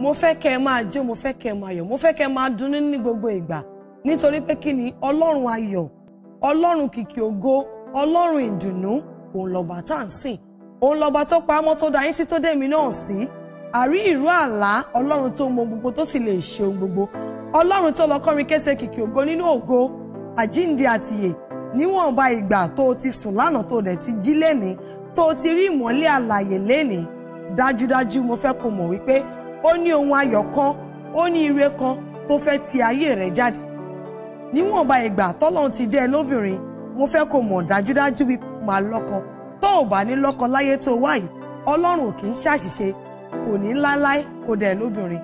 mo fẹ́ kẹ́ ẹ máa jó mo fẹ́ kẹ́ ẹ máa yọ̀ mo fẹ́ kẹ́ ẹ máa dunnú ní gbogbo ìgbà nítorí pé kí ni ọlọ́run ayọ̀ ọlọ́run kìkì ògo ọlọ́run ìdùnnú òun lọ́ba tá à ń sìn òun lọ́ba tó pa ámọ́ tó da yín sí tó dé mi náà sí àrí ìró àlá ọlọ́run tó mọ gbogbo tó sì lè ṣe ohun gbogbo ọlọ́run tó lọ kọrin kése kìkì ògo nínú ògo àjíǹde àtìyè níwọ̀nba ìgbà tó o ti sùn lánàá tó dẹ̀ ti jí lénìí tó ti rí ìmọ́lẹ̀ àlàyé lénìí dájúdájú mo fẹ́ kó mọ̀ wípé ó ní ohun ayọ̀ kan ó ní ire kan tó fẹ́ ti ayé rẹ jáde níwọ̀nba ìgbà tọ́lọ́run ti dé lóbìnrin mo fẹ́ kó mọ̀ dájúdájú wípé máa lọ́kọ tó ò bá ní lọ́kọ láyé tó wà yìí ọlọ́run ò kì í ṣàṣìṣe kò ní láláí kó dẹ̀ lóbìnrin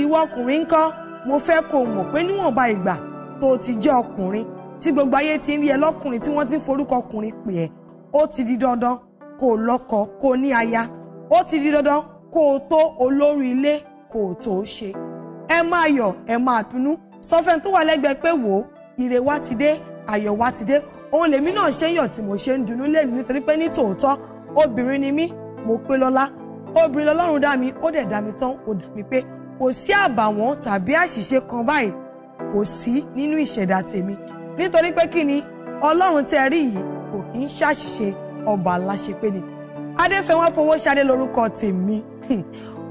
ìwọ ọkùnrin ńkọ́ mo fẹ́ kó mọ̀ pé níwọ̀nba ìgbà tó ti jẹ́ ọkùnrin tí gbogbo ayé ti ń rí ẹ lọ́kùnrin tí wọ́n ti ń forúkọ ọkùnrin pè ẹ́ ó ti di dandan kó lọ́kọ kó ní aya ó ti di dandan kó o tó olórí ilé kó o tó ṣe ẹ máa yọ̀ ẹ máa dunnú sọ tó wà lẹ́gbẹ̀ẹ́ pé wò ó ire wa ti dé ayọ̀ wa ti dé òun lèmi náà ṣe ń yọ̀ tí mo ṣe ń dunnú lèmi nítorí pé ní tòótọ́ obìnrin ni mí mo pé lọ́lá obìnrin lọ́lọ́run dá mi ó dẹ̀ dá mi tán ó dá mi pé kò sí àbàwọ́n tàbí àṣìṣe kan báyìí kò sí nínú ìṣẹ̀dá tèmi nítorí pé kí ni ọlọ́run tẹ́ rí yìí kò kí ń ṣàṣìṣe ọba aláṣepé ni adéfẹ́wọ́n fowóṣadé lórúkọ tèmi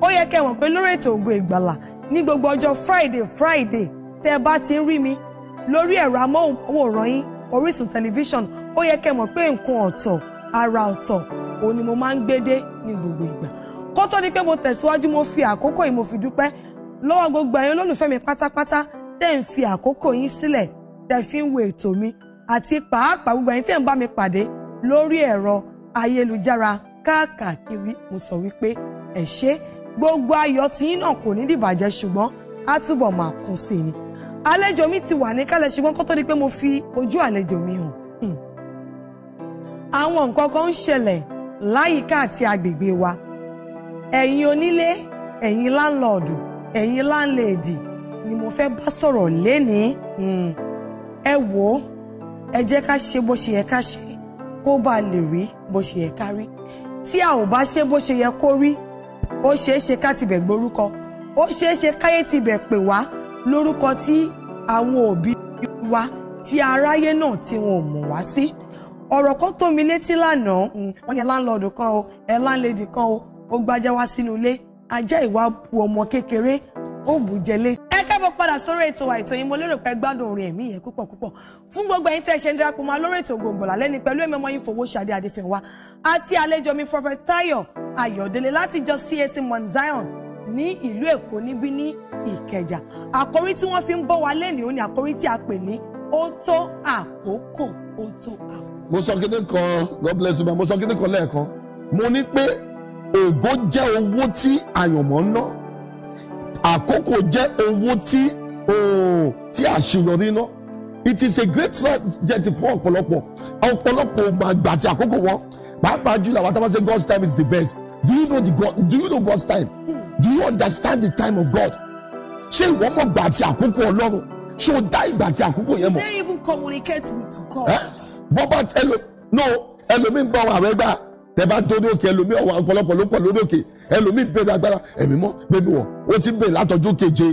ó yẹ kẹ́ mọ̀ pé lórí ètò ògo ìgbàlà ní gbogbo ọjọ́ friday friday tẹ́ ẹ bá ti ń rí mi lórí ẹ̀rọ amóhùnmáwòrán yín orísun tẹlifíṣàn ó yẹ kẹ́ mọ̀ pé nǹkan ọ̀tọ̀ ara ọ̀tọ̀ òun ni mo máa ń gbédé ní gbogbo ìgbà kó tó di pé mo tẹ̀síwájú mo fi àkókò yìí mo fi dúpẹ́ lọ́wọ́ gbogbo ẹ̀yin olólùfẹ́ mi pátápátá tẹ́ ń fi àkókò yín sílẹ̀ tẹ́ fi ń wo ètò mi àti pàápàá gbogbo ẹ̀yin tẹ́ ń bá mi pàdé lórí ẹ̀rọ ayélujára káàkiri mo sọ wípé ẹ ṣé gbogbo ayọ̀ tí yín náà kò ní dìbàjẹ́ ṣùgbọ́n á túbọ̀ máa kún sí ni àlejò mi ti wà ní kálẹ̀ ṣùgbọ́n kó tó di pé mo fi ojú àlejò mi hàn hmm. àwọn nǹkan kan ń ṣẹlẹ̀ láyìíká àti agbègbè wa ẹ̀yin onílé ẹ̀yin láńlọ́ọ̀dù ẹ̀yin láńlẹ́ẹ̀dì ni mo fẹ́ bá sọ̀rọ̀ lénìí hmm. ẹ wò ó ẹ jẹ́ ká ṣe bó ṣe yẹ ká ṣe kó bá lè rí bó ṣe yẹ ká rí tí a ò bá ṣe bó ṣe yẹ kó rí ó ṣeé ṣe ká tibẹ̀ gborúkọ ó ṣeé ṣe káyé tibẹ̀ pè wá lórúkọ tí àwọn òbí wa tí aráyé náà tí wọn ò mọ̀ wá sí. ọ̀rọ̀ kan tó mi létí lánàá hmm, wọ́n yẹn láńlọ́ọ̀dù kan o ẹ̀ láńlẹ́dì kan o ó gbájá wá sínú ilé ajá ìwà bu ọmọ kékeré ó bù jẹ létí káàbọ̀ padà sórí ètò wa yìí mo lérò pé gbádùn orin ẹ̀mí yẹn púpọ̀ púpọ̀ fún gbogbo ẹ̀yin tẹ́ ṣe ń darapọ̀ mọ́ lórí ètò gbogbo lálẹ́ ni pẹ̀lú ẹ̀mí ọmọ yín Fowóṣadé Adéfẹ́nwá àti àlejò mi Prophet Táyọ̀ Ayọ̀délé láti jọ CAC Mount Zion ní ìlú Èkó níbí ní Ìkẹjà àkórí tí wọ́n fi ń bọ́ wa lẹ́nìí ó ní àkórí tí a pè ní ó tó àkókò ó tó àkókò. mo sọ kíní kan God bless you àkókò jẹ́ owó tí tí àṣeyọrí ná it is a great strategy fún ọ̀pọ̀lọpọ̀ ọ̀pọ̀lọpọ̀ àgbà àti àkókò wọn pàápàá jùlọ àwọn táwọn say God's time is the best do you know the God do you know God's time do you understand the time of God ṣé ìwọ mọ̀ gbà àti àkókò Ọlọ́run ṣé o dá ìgbà àti àkókò yẹn mọ̀. they even communicate with God. bọ́bá ẹlò no ẹlòmíì ń bá àwọn àwẹ̀ gbà tẹ bá dórí òkè ẹlòmíì ọ̀wọ́ ọ̀pọ̀lọpọ̀ ló pọ̀ lórí òkè ẹlòmíì bẹ̀rẹ̀ agbára ẹ̀mí mọ́ bẹ́ẹ̀ wọ̀ ó ti bẹ̀rẹ̀ látọjú keje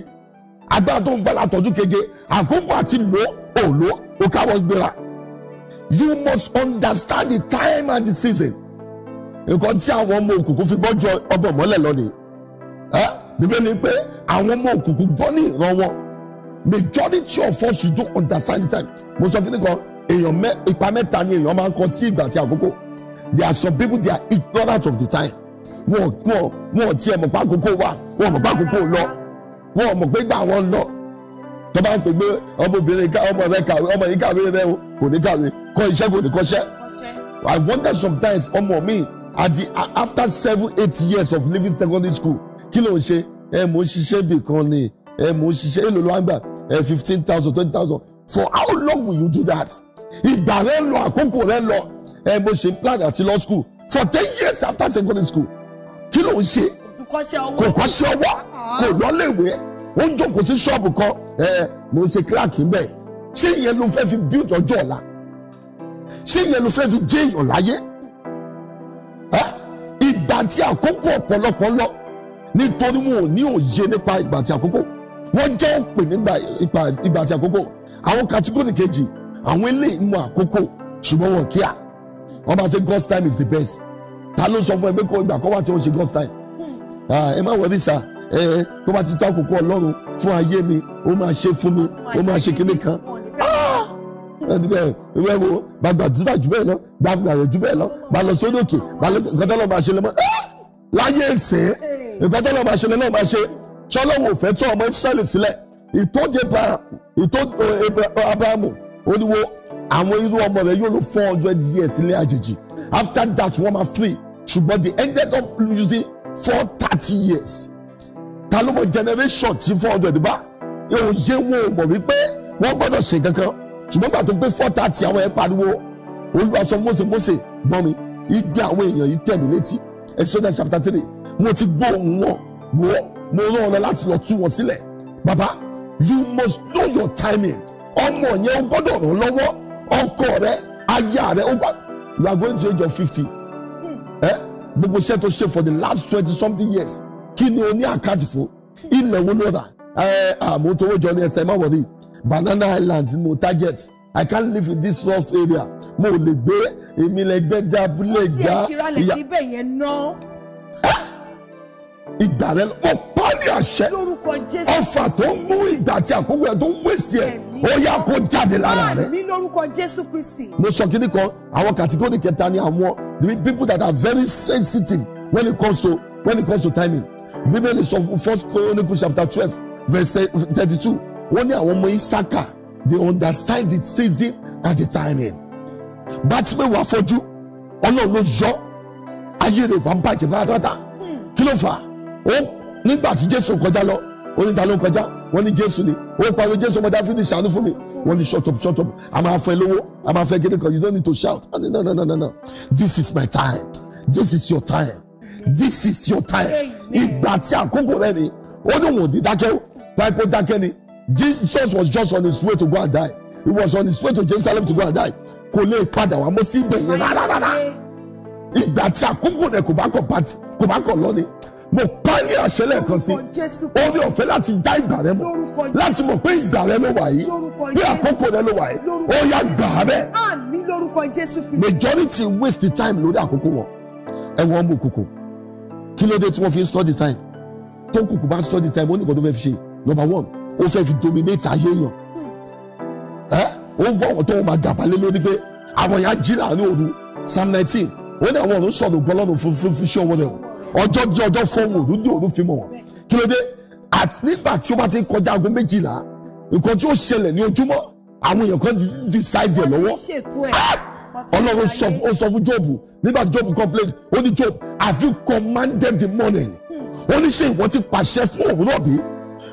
agbára tó ń gbà látọjú keje àkókò àti lò ó lò ó káwọ́ gbéra you must understand the time and the season nǹkan tí àwọn ọmọ òkùnkùn fi gbọ́jọ ọbẹ̀ mọ́lẹ̀ lọ́nìí ẹ́ bíbélì pé àwọn ọmọ òkùnkùn gbọ́ ní ìran wọn majority of us you don't understand the time mo sọ kíni kan èèyàn ipa mẹ́ta ni èèyàn máa ń kọ sí ìgbà àti àkókò there are some people they are ignorant of the time wọn wọn wọn tiẹ̀ mọ̀ pákókó wa wọn mọ̀ pákókó lọ wọn mọ̀ pé gbà wọn lọ tó bá ń pè pé ọmọbìnrin ọmọ rẹ kàwé ọmọ yìí kàwé rẹ kò ní kàwé kọ́ iṣẹ́ kò ní kọ́ṣẹ́. I wonder sometimes ọmọ mi at the after seven eight years of leaving secondary school kí ló ń ṣe ẹ mò ń ṣiṣẹ́ bì kan ni ẹ mò ń ṣiṣẹ́ èlò ló wá ń gbà ẹ fifteen thousand twenty thousand for how long will you do that ìgbà rẹ lọ àkókò rẹ lọ ẹ mo ṣe plan àti law school for ten years after secondary school kí ló ń ṣe kò kọ́ṣẹ́ ọwọ́ kò lọ́lẹ̀wé ó ń jókòó sí ṣọ́ọ̀bù kan ẹ mo ń ṣe kíláàkì bẹ́ẹ̀ ṣé ìyẹn ló fẹ́ fi build ọjọ́ ọ̀la ṣé ìyẹn ló fẹ́ fi jẹ́ èèyàn láyé ìgbà tí àkókò ọ̀pọ̀lọpọ̀ lọ nítorí wọn ò ní òye nípa ìgbà tí àkókò wọ́n jẹ́ òpè nígbà ìgbà tí àkókò àwọn kàtíkòtì kejì àwọn eléyìí mọ àkókò ṣùgbọ́n wọn kíá ọba say God's time is the best ta ló sọ fún ẹ pé kó ìgbà kan wà tí ó ń ṣe God's time hmm. ah, ẹ má wọlé sá ẹ tó bá ti tó àkókò Ọlọ́run fún ayé mi ó máa ṣe fún mi ó máa ṣe kíní kan ìwé ah! wo gbàgbà júdà jù bẹ́ẹ̀ lọ gbàgbà jù bẹ́ẹ̀ lọ gbà lọ sódò òkè gbà lọ nǹkan tó lọ máa ṣe lọ mọ́ ah! láyé ẹ̀sẹ̀ nǹkan tó lọ máa ṣe lọ náà máa ṣe ṣọlọ́wọ́ òfẹ́ tó ọmọ Ísírẹ́lì sílẹ̀ ìtòdì eh, eh, eh, Abrahamu ó ní wo àwọn irú ọmọ rẹ̀ yóò lò four hundred years ilé àjèjì after that wọ́n máa free ṣùgbọ́n they ended up losing for thirty years ta ló mọ generation tí four hundred bá yóò yé wọn ò mọ̀ wípé wọ́n gbọ́dọ̀ ṣe kankan ṣùgbọ́n gbà tó pé four thirty àwọn ẹ̀ pariwo olúwa sọ Mósè Mósè gbọ́n mi igbe àwọn èèyàn yìí tẹ̀ mí létí Exodus chapter three mo ti gbọ́ ohùn wọn wọ́ mo rán ọ̀nà láti lọ tú wọn sílẹ̀ Baba, you must know your timing ọmọ yẹn o gbọ́dọ̀ ràn lọ́wọ́ ọkọ rẹ aya rẹ o gbà you are going to age of fifty gbogbo iṣẹ́ tó ṣe for the last twenty something years kí ni o ní àkáǹtì fún ilẹ̀ wo ló rà ẹ àmọ́ tówó jọ ní ẹsẹ̀ má wọ̀rí banana island mo target i can't live in this rough area mo lè gbé èmi lè gbé dá abúlé gbá ìyá ìgbà rẹ lọ pa ní àṣẹ ọfà tó ń mú ìgbà tí àkókò ẹ tó ń wéṣì ẹ ó yá kó jáde lára rẹ. mi lórúkọ jésù kristi. mo sọ kíní kan àwọn kàtíkórì kẹta ni àwọn the people that are very sensitive when it comes to when it comes to timing bíbélì is of first Chronicles chapter twelve verse thirty two wọ́n ní àwọn ọmọ isaka they understand the season and the timing bátìmẹ̀ wà fọ́jú ọlọ́run ló yọ ayé rẹ̀ wà ń bàjẹ́ pátápátá hmm. kí ló fà á nígbà tí jésù kọjá lọ oníta ló kọjá wọ́n ní jésù ni ó pariwo jésù ọmọ dáfídì ṣàánú fún mi wọ́n ní shut up shut up a máa fẹ́ lówó a máa fẹ́ gidi kan you don't need to shout no no no no no this is my time this is your time this is your time ìgbà tí àkókò rẹ ni ó ní wọn ò di dákẹ́ o taipo dákẹ́ ni jesus was just on his way to go and die he was on his way to jerusalem to go and die kò lè padà wá mo sì bẹ̀yẹn rárá rárá ìgbà tí àkókò rẹ kò bá kọ̀ pàtì kò mo pa ní àṣẹ lẹ́ẹ̀kan sí orí ọ̀fẹ́ láti dá ìgbà rẹ mọ̀ láti mọ̀ pé ìgbà rẹ ló wà yìí bí àkókò rẹ ló wà yìí ó yá gbà á bẹ́ẹ̀. àmì lórúkọ Jésù Kristi. majority waste the time lórí àkókò wọn ẹ wọ́n mú òkùnkùn kí ló dé tí wọ́n fi ń study time tó kùkù bá ń study time ó ní nǹkan tó fẹ́ fi ṣe number one ó fẹ́ fi dominate ayé yàn hmm. ẹ ó gbọ́ ọ̀wọ́ tó wọ́n máa dàbálẹ̀ lórí pé àwọn yẹn á jí láàrin òru psalm nineteen ó ní àwọn ọ̀run sọ̀rọ̀ gbọ́lọ́run fún fún fún ṣọ́wọ́ rẹ̀ o ọjọ́ di ọjọ́ fọ́wọ́ òru di òru fi mọ̀ wọ́n kí ló dé àti nígbà tí o bá ti kọjá aago méjìlá nǹkan tí ó ṣẹlẹ̀ ní ojúmọ́ àwọn èèyàn kan decide ẹ̀ lọ́wọ́ ah! ọlọ́run ó sọ fún Job nígbà tí Job complain ó ní Job have you commanded the morning ó ní ṣe ìwọ ti pàṣẹ fún òwúrọ̀ bí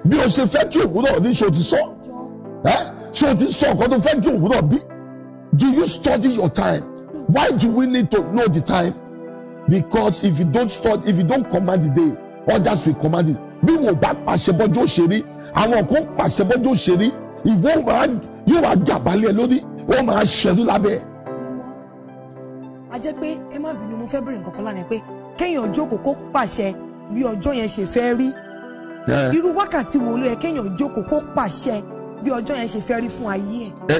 bí o ṣe fẹ́ kí òwúrọ̀ ní ṣe o ti sọ eh? ṣe o ti sọ nǹkan tó fẹ́ kí òwúrọ̀ bí do you study your time why do we need to know the time because if you don't start if you don't command the day others will command it bí wò bá pàṣẹ bọ́jú òṣèré àwọn kan pàṣẹ bọ́jú òṣèré ìwọ máa yóò wá gàbálẹ̀ lórí ó máa ṣẹlú lábẹ́. a jẹ́ pé ẹ má bínú mo fẹ́ bẹ̀rẹ̀ nǹkan kan lánàá pé kéèyàn jókòó kó pàṣẹ bí ọjọ́ yẹn ṣe fẹ́ rí irú wákàtí wo ló yẹ kéèyàn jókòó kó pàṣẹ bí ọjọ́ yẹn ṣe fẹ́ rí fún ayé ẹ̀.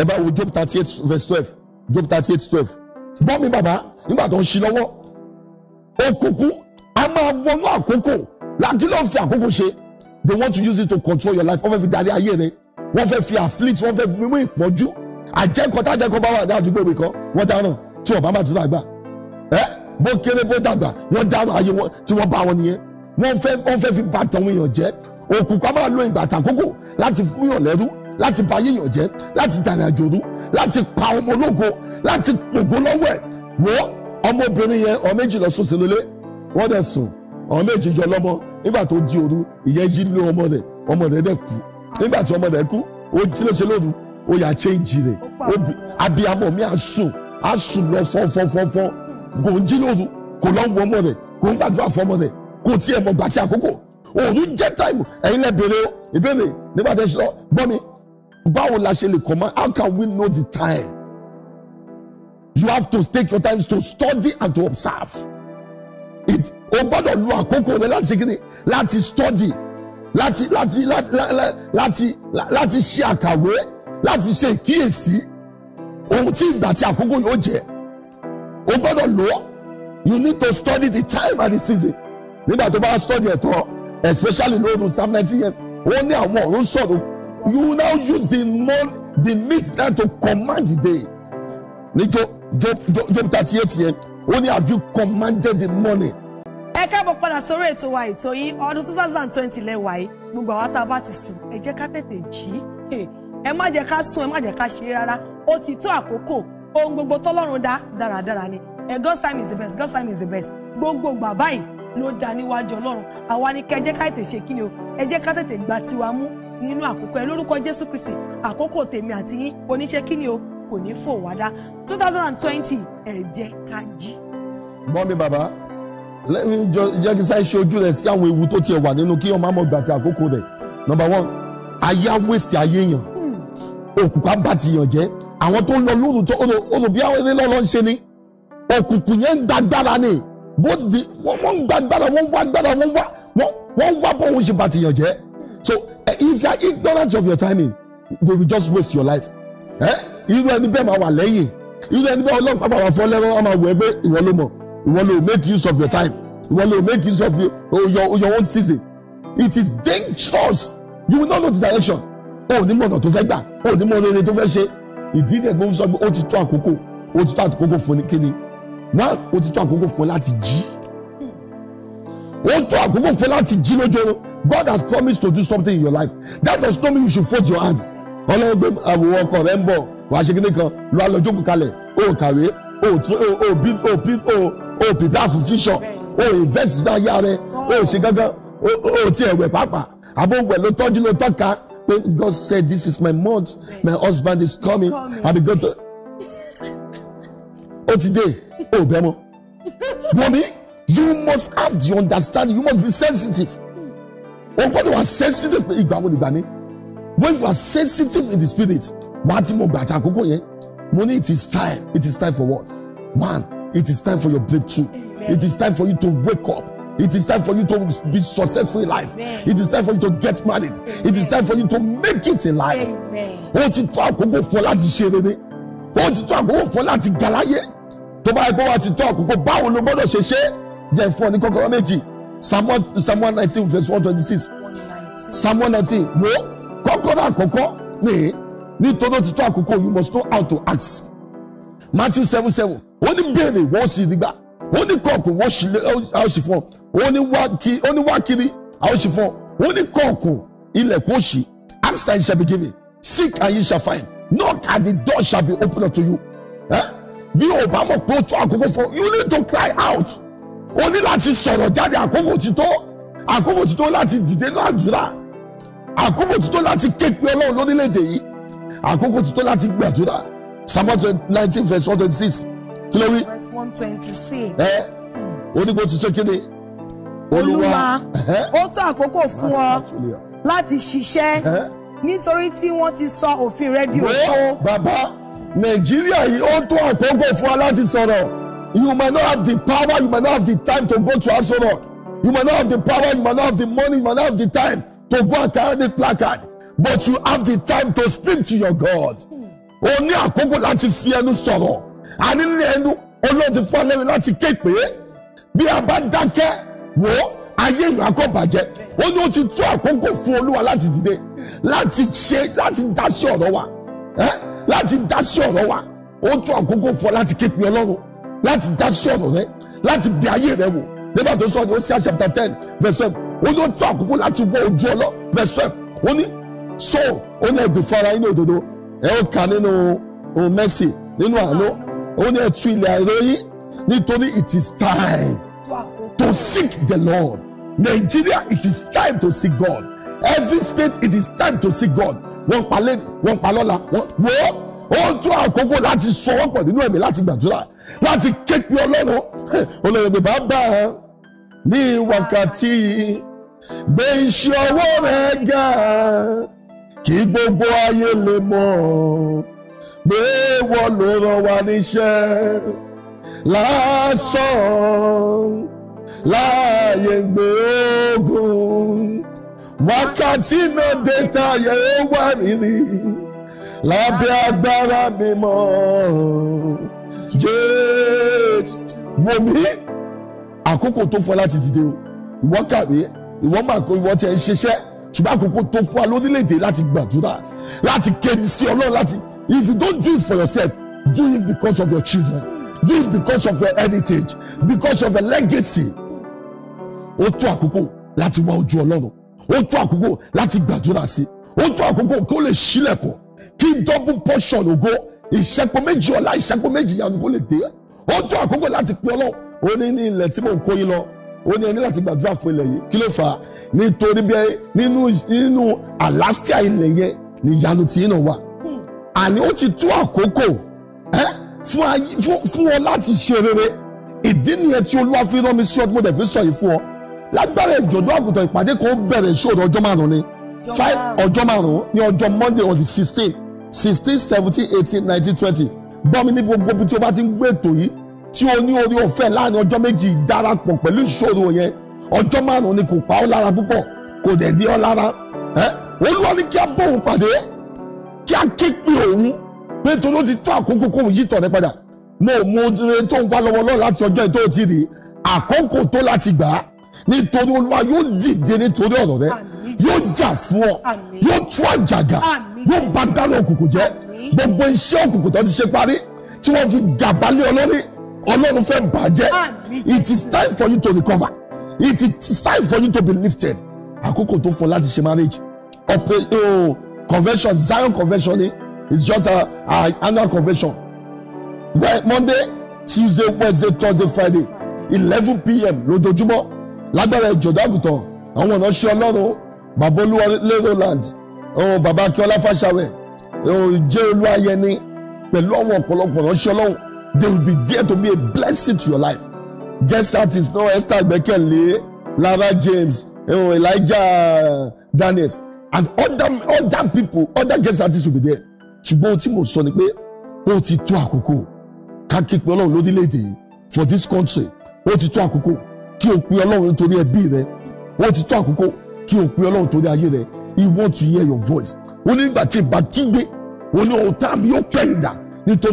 ẹ bá wo job thirty eight verse twelve job thirty eight twelve gbọ́ mi bàbá nígbà tó ń ṣí lọ́wọ́ òkùnkùn a máa wọnú àkókò láti lọ́ọ́ fi àkókò ṣe they want to use it to control your life wọ́n fẹ́ fi darí ayé rẹ wọ́n fẹ́ fi afflict wọ́n fẹ́ fi mú ìpọ́njú àjẹkọ tájẹkọ bá wà ní àdúgbò rẹ kan wọ́n dáràn tí ọba máa tún dàgbà ẹ bó kéré bó dàgbà wọ́n dáràn ayé wọn tí wọ́n bá wọn nìyẹn wọ́n fẹ́ wọ́n fẹ́ fi bàtàn wọn èèyàn jẹ́ òkùnkùn a máa lo ìgbà àtàkókò láti fún yàn lẹ́rú láti bà yíyan jẹ́ láti dànà àjòrú láti pa ọmọ ológo láti pògbó lọ́wọ́ ẹ̀ wò ó ọmọbìnrin yẹn ọmọ méjì lọ sùn sínú ilé wọ́n dẹ̀ sùn ọmọ méjì jọ lọ́mọ nígbà tó di òru ìyẹn jí lé ọmọ rẹ̀ ọmọ rẹ̀ dẹ̀ kú nígbà tí ọmọ rẹ̀ kú ó jí lóṣèlú lóru ó yà chéǹjì rẹ̀ abiyamọ mi á sùn á sùn lọ fọ́nfọ́nfọ́n kò ń jí lóru kò lọ́ wọ ọmọ rẹ̀ kò ń gbàdúrà fọmọ rẹ̀ kò tiẹ̀ mọ̀ gbàtí àkókò òru jẹ́ táìmù ẹ̀yin lẹ́ bèrè ìbéèrè nígbà tẹ́ ṣe lọ gbọ́ mi báwo la ṣe lè kọ́ how can we know the time you have to take your time to study and to observe it o gbọ́dọ̀ lu àkókò rẹ láti ṣe kí láti study láti láti láti láti ṣe àkàwé láti ṣe ìkíyèsí ohun tí ìgbà tí àkókò yóò jẹ o gbọ́dọ̀ lò you need to study the time and the season nígbà tó bá study ẹ̀tọ́ especially lóòrùn sáfẹ́tì yẹn ó ní àwọn ọ̀run sọ̀rọ̀ you will now use the mon the midnight to command the day ní job job job thirty eight yẹn ó ní have you commanded the morning. ẹ káàbọ̀ padà sórí ètò wa ètò yìí ọdún two thousand and twenty lẹ́wàá yìí gbogbo àwọn tá a bá ti sùn ẹ jẹ́ ká tètè jí ẹ má jẹ́ ká sùn ẹ má jẹ́ ká ṣe rárá ó ti tó àkókò ohun gbogbo tọ́lọ́run dá dáradára ni ẹ God's time is the best God's time is the best gbogbo gbà báyìí ló dá níwájú Ọlọ́run àwa ni kẹ́ ẹ jẹ́ ká tètè ṣe kí ni o ẹ jẹ́ ká tètè gba tiwa mú nínú àkókò ẹ lórúkọ jésù kristi àkókò tèmi àti yín oníṣẹ́ kí ni o kò ní fò wádá two thousand and twenty ẹ jẹ́ ká jí. gbọ́n mi bàbá lẹ́yìn jẹ́gísá iṣẹ́ ojú rẹ̀ sí àwọn ewu tó tiẹ̀ wà nínú kí ọmọ àmọ́ gbà ti àkókò rẹ̀ number one ayé àwẹ̀sì ayé yàn òkùnkà bá ti yàn jẹ́ àwọn tó ń lọ lóru tó orò bí àwọn eré lọ́lọ́ ń ṣe ni òkùnkùn yẹn ń gbàgbára ni bóòtù wọ́n ń gbàgbára wọ́n ń wá gbára wọ́n ń wá wọ́n ń wá bọ́ òun ṣe bá ti yàn jẹ́ so if you are ignorant of your timing they will just waste your life eh? irú ẹni bẹ́ẹ̀ máa wà lẹ́yìn irú ẹni bẹ́ẹ̀ ọlọ́run pápá wà fọ́ lẹ́rọ ọmọ àwọ̀ ẹgbẹ́ ìwọ ló mọ̀ ìwọ ló make use of your time ìwọ ló make use of your, your, your own season it is dangerous you will not know the direction o ní mọ̀nà tó fẹ́ gbà o ní mọ̀nà eré tó fẹ́ ṣe ìdí dẹ̀ ló ń sọ pé ó ti tó àkókò ó ti tó àkókò fún ní kíni náà ó ti tó àkókò fún láti jí ó tó àkókò fún láti jí lójoojúmọ́ God has promised to do something in your life. That does not mean you should fold your hand. Ọlọ́run gbé àwòrán ọkọ rẹ̀ ń bọ̀ wàá ṣe kíní kan lọ́ọ́ lọ jókòó kalẹ̀ o kàwé o prepare for future o invest sínú ayé rẹ o ṣe gángan o ti ẹ̀wẹ̀ pàápàá àbò wẹ̀ ló tọ́jú ló tọ́ka pé God said this is my month my husband is coming I be go to o ti dé o bẹ́ mọ́ wọ́n mi you must have the understanding you must be sensitive ó gbọ́dọ̀ wá sensitive pé ìgbà wo ni ìgbà mi when you are sensitive in the spirit wàá ti mọ̀ gbà àti àkókò yẹn mo ní it is time it is time for what one it is time for your breakthrough it is time for you to wake up it is time for you to be successful in life it is time for you to get married it is time for you to make it in life ó ti tó àkókò fún ọ láti ṣe rere ó ti tó àkókò fún ọ láti gàláyé tó bá yẹ kó wá ti tó àkókò báwo ló gbọ́dọ̀ ṣe ṣe jẹ́ fún ọ ní kọ́kọ́rọ́ méjì psalm psalm nineteen verse one twenty six psalm one nineteen wo kọ́kọ́rọ́ àkọ́kọ́ ni nítorí òtítọ́ àkókò you must know how to ask matthew seven seven ó ní béèrè wọ́n sì rí gbà ó ní kọ̀ọ̀kù wọ́n sì lé àwọn sì fún ọ ó ní wá kiri àwọn sì fún ọ ó ní kọ̀ọ̀kù ilẹ̀kùn ask and you shall be given seek and you shall find knock and the door shall be opened unto you bí o bá mọ̀ pé o tó àkókò fún you need to cry out o ní láti sọ̀rọ̀ jáde àkókò ti tó àkókò ti tó láti dìde ní àdúrà àkókò ti tó láti képe ọlọ́run lórílẹ̀‐èdè yìí àkókò ti tó láti gbàdúrà psalm nineteen verse one twenty six kí ló wí. verse one twenty six. ẹ onígbò ti ṣe kíni. olúwa ó tó àkókò fún ọ láti ṣiṣẹ́ nítorí tí wọ́n ti sọ òfin rẹ di òfo. bàbá nàìjíríà yìí ó tó àkókò fún wa láti sọ̀rọ̀. You may not have the power, you may not have the time to go to Asorok. You may not have the power, you may not have the money, you may not have the time to go and carry the placard. But you have the time to speak to your God. O ní àkókò láti fi ẹnu sọ̀rọ̀. A nílé ẹnu olóòtú fún ẹlẹ́rìí láti ké pé bí a bá dákẹ́ wò ó ayé ìlú akọ́bàjẹ́. Ó ní ó ti tó àkókò fún Olúwa láti dìde láti ṣe láti dá sí ọ̀rọ̀ wa láti dá sí ọ̀rọ̀ wa ó tó àkókò fún ọ láti ké pé Ọlọ́run láti dá sọ̀rọ̀ rẹ láti bí ayé rẹ wò nígbà tó sọ̀rọ̀ Hosea chapter ten verse twelve ó ní ó tó àkókò láti wọ ojú ọlọ́ verse twelve ó ní so ó ní ẹgbẹ́ fara inú òdodo ẹ ó kà nínú ohun mercy nínú àánú ó ní ẹtú ilẹ̀ àìróyìn nítorí it is time to seek the Lord Nigeria it is time to seek God every state it is time to seek God wọ́n pa lẹ́nu wọ́n pa lọ́la wọ́n wọ́n ó tó àkókò láti sọ wọ́n pọ̀ nínú ẹ̀mí láti gbàdúrà láti ké pe ọlọ́run olóyèbè bàbá ní wákàtí gbé iṣẹ́ ọwọ́ rẹ̀ ga kí gbogbo ayé lè mọ̀ pé wọ́n ló rán wa níṣẹ́ lásán láàyè gbòógùn wákàtí náà dé tayẹ̀ ó wà lábẹ́ agbára mímọ́ jésù wò mí àkókò tó fún ẹ láti dìde o ìwọ kàwé ìwọ màkó ìwọ tẹ ń ṣiṣẹ́ ṣùgbọ́n àkókò tó fún wa lórílẹ̀‐èdè láti gbàdúrà láti kéde sí ọlọ́run láti if you don't do it for yourself do it because of your children do it because of your heritage because of your legacy ó tó àkókò láti wá ojú ọlọ́run ó tó àkókò láti gbàdúrà sí O tó àkókò kó lè ṣílẹ̀kùn kí double portion ògo ìṣẹ́po méjì ọ̀la ìṣẹ́po méjì ìyanu kó lè dé ó tó àkókò láti pe ọlọ́run ó ní ní ilẹ̀ tí mò ń kó yín lọ ó ní ẹni láti gbàdúrà fún ilẹ̀ yìí kí ló fà á nítorí bí nínú nínú àlàáfíà ilẹ̀ yẹn ni ìyanu ti iná wà àní ó ti tó àkókò fún ọ láti ṣe rere ìdí nìyẹn tí olúwa fi rán mi sí ọdún mo dẹ̀ fi sọ yìí fún ọ lágbára ìjọ̀dọ̀ àgùntàn ìpàdé kan bẹ̀rẹ̀ ìṣòro ọjọ́ márùn-ún ni five ọjọ́ márùn-ún ní ọjọ́ monday on the sixteen sixteen seventeen eighteen nineteen twenty bọ́mi ní gbogbo ibi tí o bá ti ń gbé ètò yìí tí o ní orí ọ̀fẹ́ láàrin ọjọ́ méjì darapọ̀ pẹ̀lú ìṣòro yẹn ọjọ́ márùn-ún ni kò pa ọ́ lára púpọ̀ kò dẹ̀ dí ọ́ lára ẹ́ olúwa ní kí a bọ̀ òun pàdé kí a ké pé òun pé torí ó ti tó àkókò kó yí tọ̀ rẹ padà mo mọ oore tó ń wá lọ́wọ́ lọ́wọ́ láti ọjọ́ ètò òtí rí àkókò tó láti gbà nítorí olúwa yóò dìde nítorí ọ̀rọ̀ rẹ yóò jà fún ọ yóò tú àjàgà yóò bá dáná òkùnkùn jẹ gbogbo iṣẹ́ òkùnkùn tó ti ṣe parí tí wọ́n fi gàba lé ọlọ́rí ọlọ́run fẹ́ it is time for you to recover it is time for you to be lifted àkókò tó fọ láti ṣe marriage ọ̀pẹ ooo convention Zion convention ni it's just a, a annual convention well Monday Tuesday Wednesday Thursday Friday eleven pm lójoojúmọ́ lágbára ìjọ̀dá àgùntàn àwọn ọ̀nà ṣe ọlọ́run babolúwọlé roland oh baba akínọlá fàṣàwẹ o jẹ́ olú ayẹni pẹ̀lú àwọn ọ̀pọ̀lọpọ̀ ránṣẹ́ ọlọ́run they will be there to be a blessing to your life guest artist náà esther gbẹ́kẹ̀lé lara james oh elijah daniels and other other people other guest artists will be there ṣùgbọ́n ohun tí mo sọ ni pé ó ti tó àkókò ká kí ọlọ́run lórílẹ̀‐èdè for this country ó ti tó àkókò kí o pe ọlọ́run nítorí ẹbí rẹ ó ti tó àkókò kí o pe ọlọ́run torí ayé rẹ he wants to hear your voice ó ní ìgbà tí ìbá kígbe ó ní ohun tá mi ó pẹ̀yìn dà nítorí.